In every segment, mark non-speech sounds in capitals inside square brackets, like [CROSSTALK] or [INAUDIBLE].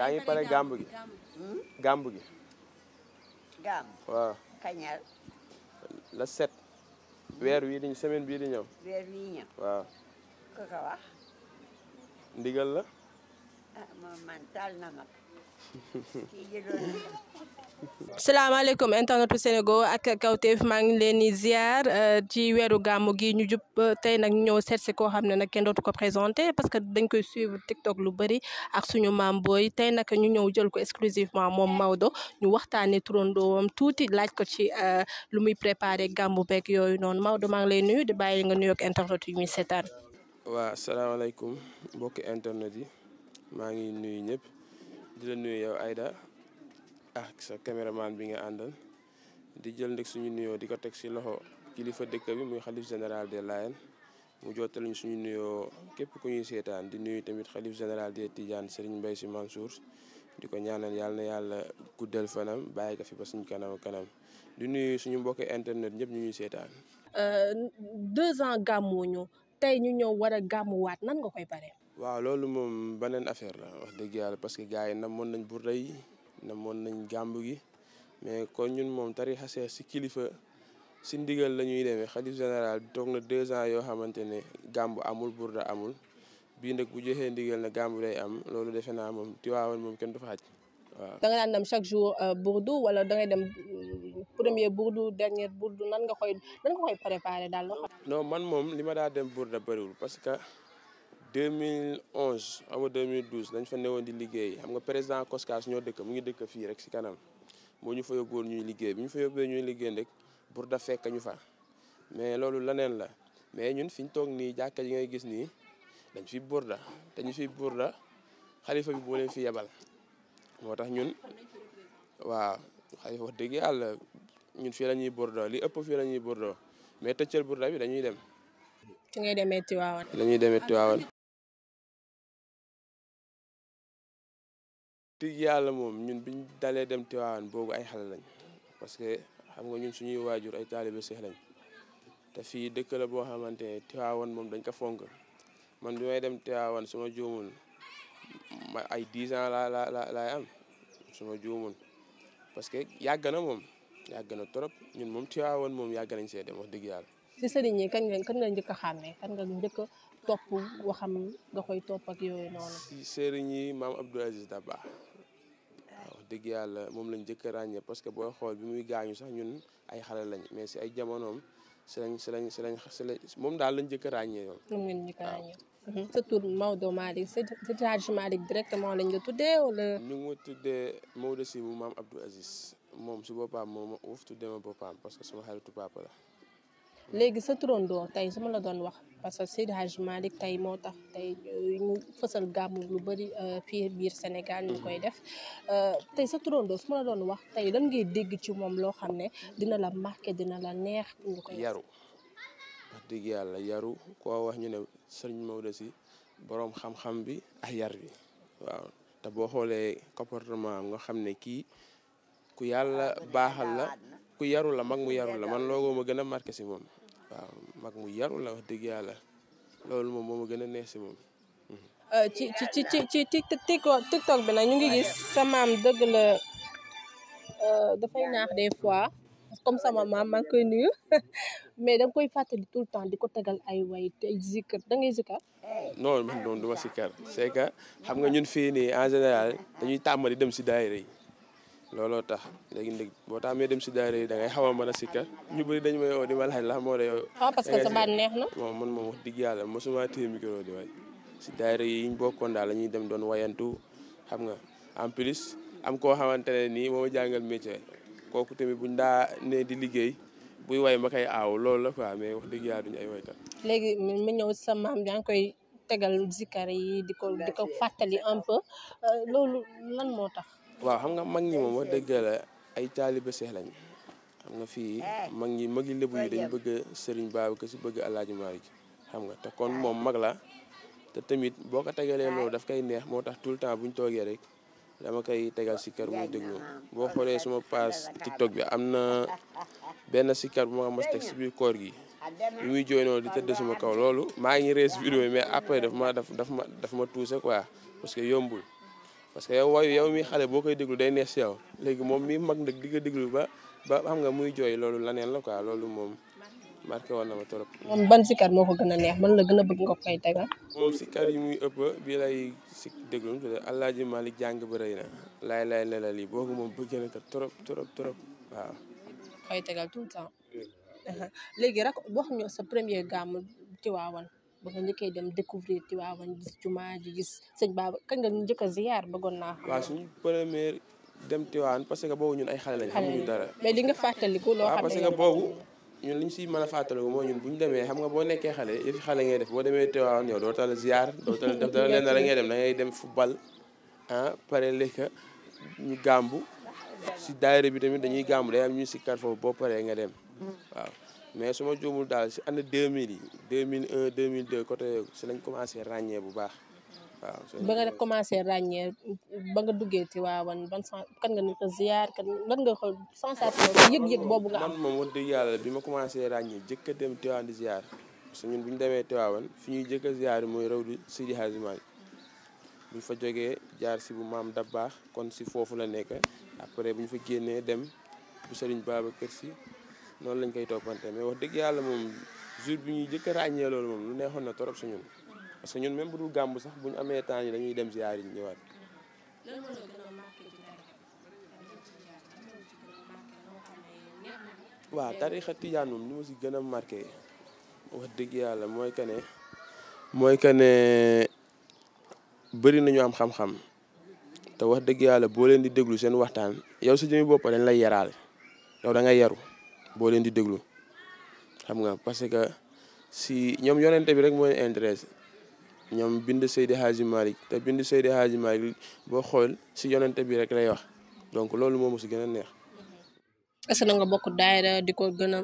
yaa ngi pare gàmb gi gàmb gi hmm? gàmb waaw kañal la set weer wii di semaine bii di ñëw weer wii ñëw waaw ku ko wax ndigal la ah moom man taal na ma [LAUGHS] salaamaaleykum internetu Sénégal ak kawteef maa ngi leen di ziar euh, ci weeru gàmmu gi ñu jub euh, tey nag ñëw seet si koo xam ne nag kenn dootu ko présenté parce que dañ koy suivre TikTok lu bëri ak suñu maam booy tey nag ñu ñëw jël ko exclusivement moom Maodo ñu waxtaanee turandoowam tuuti laaj ko ci euh, lu muy préparé gàmmu beeg yooyu noonu Maodo maa ngi lay nuyu di bàyyi nga nuyoog internet yu muy seetaan. waaw salaamaaleykum mbokki internet yi maa ngi nuyu ñëpp di la nuyu yow Aida. ak sa caméraman bi nga àndal di jël nag suñu nuyoo di ko teg si loxo kilifa dëkk bi muy xalif général des Layènes mu jottali ñu suñu nuyoo képp ku ñuy seetaan di nuyu tamit xalif général des Tidiane Serigne Mbaye Sy Mansour di ko ñaanal yàlla na yàlla guddal fanam bàyyi ko fi ba suñu kanam kanam di nuyu suñu mbokki internet ñëpp ñu ñuy seetaan. Euh, deux ans gàmmuñu tey ñu ñëw war gàmmuwaat nan nga koy pare. waaw loolu moom beneen affaire la wax dëgg yàlla parce que gars yi nag nañ bu rëy namoon nañ gàmb gi mais kon ñun moom tarixa seex si kilifa si ndigal la ñuy demee xalif général bi toog na deux ans yoo xamante ne gàmb amul burda amul bii nag bu joxee ndigal na gàmb day am loolu defe naa moom tiwaawoon moom kenn du fa xaj waaw. da nga daan dem chaque jour euh, wala da dem euh, premier burdu dernier burdu nan nga koy nan daal. non man moom li ma daa dem burda bëriwul parce que. 2011 ama 2012 dañ fa newoon di liggéey xam nga président Koskas ñoo dëkk mu ngi dëkk fii rek si kanam moo ñu fa yóbbuwoon ñuy liggéey bi ñu fa yóbbee ñuy liggéey rek pour da fekk ñu fa mais loolu leneen la mais ñun fi ñu toog nii jàkka yi ngay gis nii dañ fi burda dañu ñu fi burda xalifa bi boo leen fi yebal moo tax ñun waaw xalifa wax dëgg yàlla ñun fii la ñuy burda li ëpp fii la ñuy burda mais tëccal burda bi dañuy dem. ci ngay demee Tiwaawan. la ñuy demee dëgg yàlla moom ñun biñ dalee dem Tiwaawan boobu ay xale lañ parce que xam nga ñun suñuy waajur ay taalibe seex lañ te fii dëkk la boo xamante ne Tiwaawan moom dañ ko fonk man bi may dem Tiwaawan suma juumul ma ay 10 ans laa la la laay am suma juumul parce que yàgg na moom yàgg na trop ñun moom Tiwaawan moom yàgg nañ see dem wax dëgg yàlla. si sëriñ yi kañ nga kañ nga a xàmmee kan nga njëkk a topp waxam nga koy topp ak yooyu noonu. si sëriñ yi maam Abdou Aziz Dabakh dégg yàlla moom lañ jëkk a parce que booy xool bi muy gaañu sax ñun ay xale lañ mais si ay jamonoom si lañ si lañ si lañ moom daal lañ jëkk a ràññee yoon. moom ngeen jëkk a ràññee. Mhm. sa tur Maodo Malick sa Hadj Malick directement lañ tuddee wala. ñu Maodo si bu maam Abdou Aziz moom si boppam moom ma uuf tuddee ma boppam parce que suma xaritu papa la. léegi sa turandoo tey su ma la doon wax parce que Seydi Hadj Malick tey moo tax tey ñu fësal gàmmu lu bari euh, fii biir Sénégal ñu koy def mm-hmm. euh, tey sa turandoo su ma la doon wax tey lan ngay dégg ci moom loo xam ne dina la marqué dina la neex ñu koy yaru wax yàlla yaru koo wax ñu ne sëriñ Maodo si boroom xam-xam bi ak yar bi waaw te boo xoolee comportement am nga xam ne kii ku yàlla baaxal la ku yaru la mag mu yaru la man loogoo ma gën a marqué si moom waaw mag mu yaru la wax dëgg yàlla loolu moom moo ma gën a neex si moom. Euh, ci ci ci ci ci bi nag ñu ngi gis sa maam dëgg la euh, dafay naax des fois comme sama maam maa ngi koy nuyu [LAUGHS] mais da koy fàttali tout le temps di ko tegal ay way te zikar da ngay zikar. non man doon du ma c'est que xam nga ñun fii nii en général dañuy tàmbali dem si daayira yi looloo tax léegi nag boo tax dem si daara yi da ngay xaw a mën ñu bëri dañu may woo ma laaj la moo lay. ah parce que sa baat neex na. moom man moom wax dëgg yàlla mosuma téye micro di way si daara yi ñu bokkoon daal la ñuy dem doon wayantu xam nga en plus am koo xamante ne nii moo jàngal métier kooku tamit buñ daa ne di liggéey buy way ma koy aaw loolu la quoi mais wax dëgg yàlla duñu ay waykat. léegi mu ñëw sa maam yaa ngi koy tegal zikar yi di ko di fàttali un peu euh, loolu lan moo tax. waaw xam nga mag ñi moom wax dëgg la ay taalibe seex lañ xam nga fii mag ñi magi lébu yi dañ bëgg sëriñ ko Si bëgg Alaaji Maalik xam nga te kon moom mag la te tamit boo ko tegalee loolu daf koy neex moo tax tout le temps bu ñu toogee rek dama koy tegal sikkar muy déglu boo xoolee suma paas tiktok bi am na benn sikkar bu ma mos teg si biir koor gi bi muy jooy noonu di tëdd suma kaw loolu maa ngi rees vidéo mais après daf ma daf ma daf ma tuuse quoi parce que yombul parce que yow wayu yow mi xale boo koy déglu day neex si yow léegi moom mi mag nag di nga déglu ba ba xam nga muy jooy loolu laneen la quoi loolu moom marqué woon na ma trop. moom ban si sikar moo ko gën a neex man la gën a bëgg nga koy tegal. moom sikar yi muy ëpp bii lay si déglu Alaaji Malick jàng ba rëy na laay laay lelal yi boobu moom bëgg na ko trop trop trop waaw. koy tegal tout le temps [LAUGHS] léegi rek wax ñu sa premier gàmmu ci waawan ba nga njëkkee dem découvrir Tivaouane gis jumaa ji gis sëñ Baba kañ nga njëkk a ziar bëggoon naa xam waaw suñu première dem Tivaouane parce que boobu ñun ay xale lañ xamuñu dara mais li nga fàttaliku loo xam parce que boobu ñun liñ si mën a fàttaliku mooy ñun buñu demee xam nga boo nekkee xale yëfi xale ngay def boo demee Tivaouane yow doo tal ziar doo tal def dara leen la ngay dem da ngay dem football ah pare lekka ñu gàmbu si daayira bi tamit dañuy gàmbu day am ñuy sikkar foofu boo paree nga dem waaw mais su ma juumul daal si année 2000 yi 2001 2002 côté si lañ commencé ràññee bu baax waaw. ba nga commencé ràññee ba nga duggee ci waawan ban sens kan nga ni ko lan nga xool sensation yëg-yëg boobu nga am. moom wax dëgg yàlla bi ma commencé ràññee jëkk a dem Tiwaawan di ziar parce ñun bu ñu demee Tiwaawan fi ñuy jëkk a ziar mooy raw di si Hadj Malick bu ñu fa jógee jaar si bu maam baax kon si foofu la nekk après bu ñu fa génnee dem bu Serigne Babacar Sy. noonu lañ koy toppante mais wax dëgg yàlla moom jour bi ñuy jëkk a ràññee loolu moom lu neexoon na torop si ñun parce que ñun même bu dul gàmb sax bu ñu amee temps dañuy dem ziar yi ñëwaat. waaw tarixa tijaan moom li ma si gën a marqué wax dëgg yàlla mooy que ne mooy que ne bëri nañu am xam-xam te wax dëgg yàlla boo leen di déglu seen waxtaan yow si jëmi bopp dañ lay yaraal yow da ngay yaru boo leen di déglu xam nga parce que si ñoom yonente bi rek mooy leen ñoom bind Seydi Hadji Malick te bind Seydi Hadji Malick boo xool si yonente bi rek lay wax donc loolu moom si gën a neex. est na nga bokk daayira di ko gën a.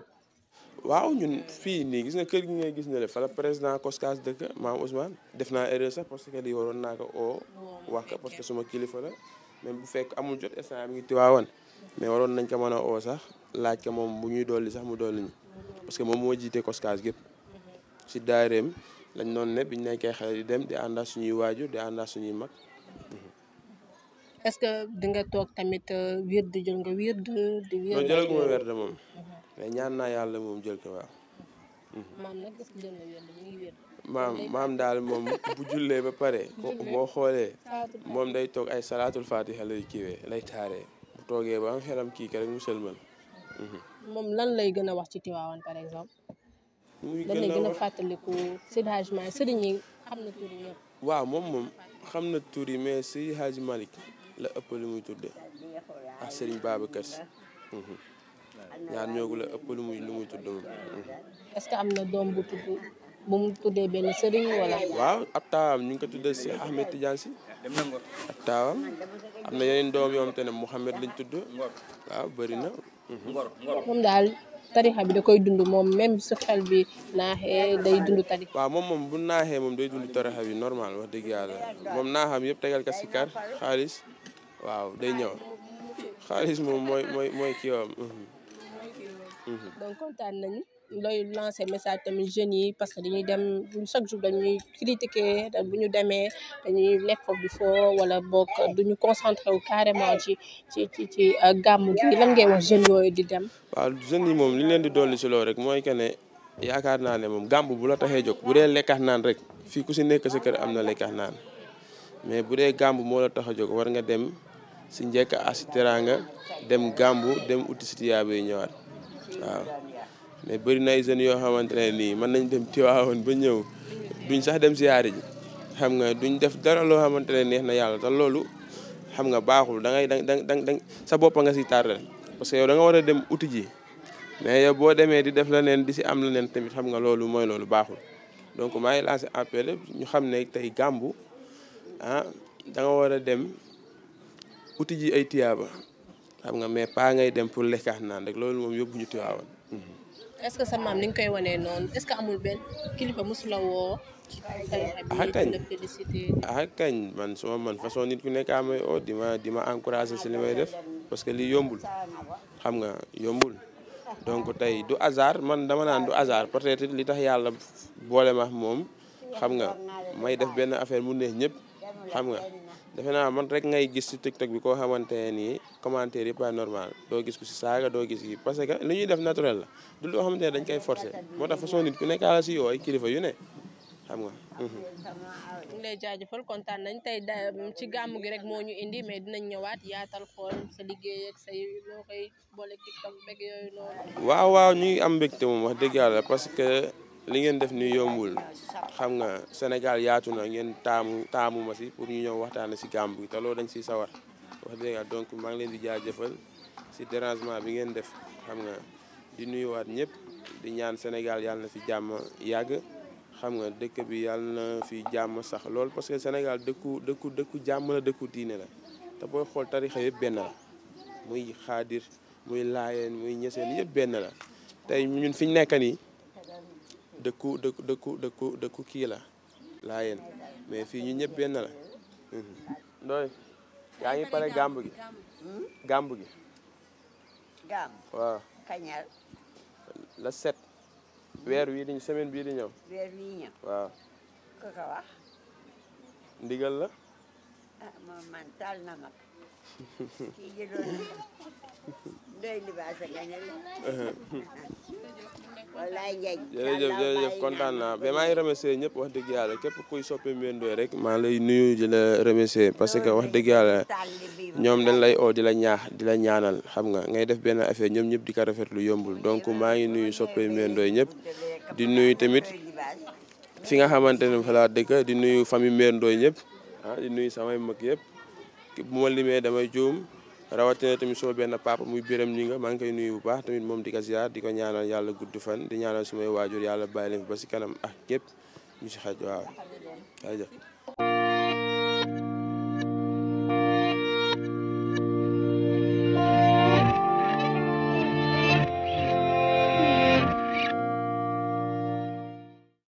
waaw ñun fii nii gis nga kër gi ngay gis ne la fa président Koskas dëkk maam Ousmane def naa erreur sax parce que li waroon naa ko oo wax ko parce que suma kilifa la même bu fekk amul jot instant mi ngi tiwaawan mais waroon nañ ko mën a oo sax laaj ko moom mu ñuy dolli sax mu dolli ñu parce que moom moo jiite koskaas gépp si daareem lañ noonu ne biñ nekkee xale di dem di ànda suñuy waajur di ànda suñuy mag. est-ce que di nga toog tamit euh, wird jël nga wird. di wird non jëlaguma moom. ñaan naa yàlla moom jël ko waaw. maam maam daal moom bu jullee ba pare. [LAUGHS] boo xoolee. moom day toog ay salaatul fatiha lay kiiwee lay taaree. toogee ba am xelam kii ka rek mu sëlmal. moom lan lay gën a wax ci Tiwaawan par exemple. muy gën a fàttaliku Seydi Hadji Malick na waaw moom moom xam na tur yi mais Seydi Hadji la ëpp lu muy tudde ak Serigne Babacar Sy. ñaar ñoogu la ëpp lu muy lu muy tudd que am na doom bu tudd bu mu tuddee benn sëriñ wala. waaw ab taawam ñu ko tuddee si Ahmed Tidiane Sy. ak taawam am na yeneen doom yoo te te ne Mouhamed lañ tudd waaw bëri na moom daal tarixa bi da koy dund moom même su xel bi naaxee day dund tarixa waaw moom moom bu naaxee moom day dund tarixa bi normal wax dëgg yàlla moom naaxam yëpp tegal ka sikar xaalis waaw day ñëw xaalis moom mooy mooy mooy kiiwam donc kontaan nañu looy lancer message tamit jeunes yi parce que dañuy dem chaque jour dañuy critiquer bu ñu demee dañuy lekk foofu di foo wala boog duñu concentré wu carrément ci ci ci ci euh, gàmmu gi lan ngay wax jeunes yooyu di dem. waaw jeunes yi moom li leen di dolli si rek mooy que ne yaakaar naa moom gàmmu bu la taxee jog bu dee lekkax naan rek fii ku si nekk sa kër am na lekkax naan mais bu dee gàmmu moo la tax a jóg war nga dem si njëkk a asiteraanga dem gàmmu dem uti si tiyaaba yi ñëwaat waaw. mais bari na ay jeunes yoo xamante ne nii mën nañ dem Tiwaawoon ba ñëw duñ sax dem si aar ji xam nga duñ def dara loo xamante ne neex na yàlla te loolu xam nga baaxul da ngay da da da sa bopp nga si tardé parce que yow war a dem uti ji mais boo demee di def leneen di si am leneen tamit xam nga loolu mooy loolu baaxul donc maa ngi lancé appel ñu xam ne tey gàmbu ah da war a dem uti ji ay tiyaaba xam nga mais pas ngay dem pour lekkaat naan rek loolu moom yóbbu ñu Tiwaawoon mm-hmm. est-ce que sa maam ni koy wanee noon est-ce que amul benn kilifa mosu la woo. ah man façon nit ku nekk amay oo di ma di ma encouragé si def parce que lii yombul xam nga yombul donc tey du hasard man dama naan du hasard pour être li tax yàlla boole moom xam nga may def benn affaire mun ne ñëpp xam nga. defe naa man rek ngay gis si TikTok bi ko xamante ne nii commentaire yi pas normal doo gis ku si saaga doo gis yi parce que li ñuy def naturel la du loo xamante ne dañ koy forcé moo tax façon nit ku nekk la si yow ay kilifa yu ne xam nga. Mhm. ñu ngi jaajëfal kontaan nañ tey ci gàmmu gi rek moo ñu indi mais dinañ ñëwaat yaatal xool sa liggéey ak say loo koy boole TikTok beeg yooyu noonu. waaw waaw ñu ngi am mbégte moom wax dëgg yàlla parce que. li ngeen def ni yombul xam nga Sénégal yaatu na ngeen taamu taamu ma si pour ñu ñëw waxtaane si gàmmu gi te loolu dañ siy sawar wax dëgg donc maa ngi leen di jaajëfal si dérangement bi ngeen def xam nga di nuyuwaat ñëpp di ñaan Sénégal yàlla na fi jàmm yàgg xam nga dëkk bi yàlla na fi jàmm sax lool parce que Sénégal dëkku dëkku dëkku jàmm la dëkku diine la te booy xool tarixa yëpp benn la muy xaadir muy laayeen muy ñeseen yëpp benn la tey ñun fi ñu nekk nii dëkku dëkku dëkku dëkku dëkku kii la laayeen mais fii ñu ñëpp benn la mhm. ndooy yaa ngi pare gàmb gi hmm? gàmb gi gàmb waaw kañal la set weer wii semaine bii di ñëw weer wii ñëw waaw ndigal la ah, moom man taal na mag [LAUGHS] doy libaas a gañal [LAUGHS] wallaay njañ jërëjëf kontaan naa mais maa ngi ñëpp wax dëgg yàlla képp kuy soppe Mbène Ndoye rek maa lay nuyu di la remercier parce que wax dëgg yàlla ñoom dañ lay oo di la ñaax di la ñaanal xam nga ngay def benn affaire ñoom ñëpp di ko rafetlu yombul donc maa ngi nuyu soppe Mbène Ndoye ñëpp di nuyu tamit fi nga xamante ne fa laa dëkk di nuyu famille Mbène Ndoye ñëpp ah di nuyu samay mag yëpp bu ma limee damay juum rawatina tamit suma benn papa muy Biram ñi nga maa ngi koy nuyu bu baax tamit moom di ko ziar di ko ñaanal yàlla gudd fan di ñaanal sumay waajur yàlla bàyyi leen fi ba si kanam ah ñëpp mu si xaj waaw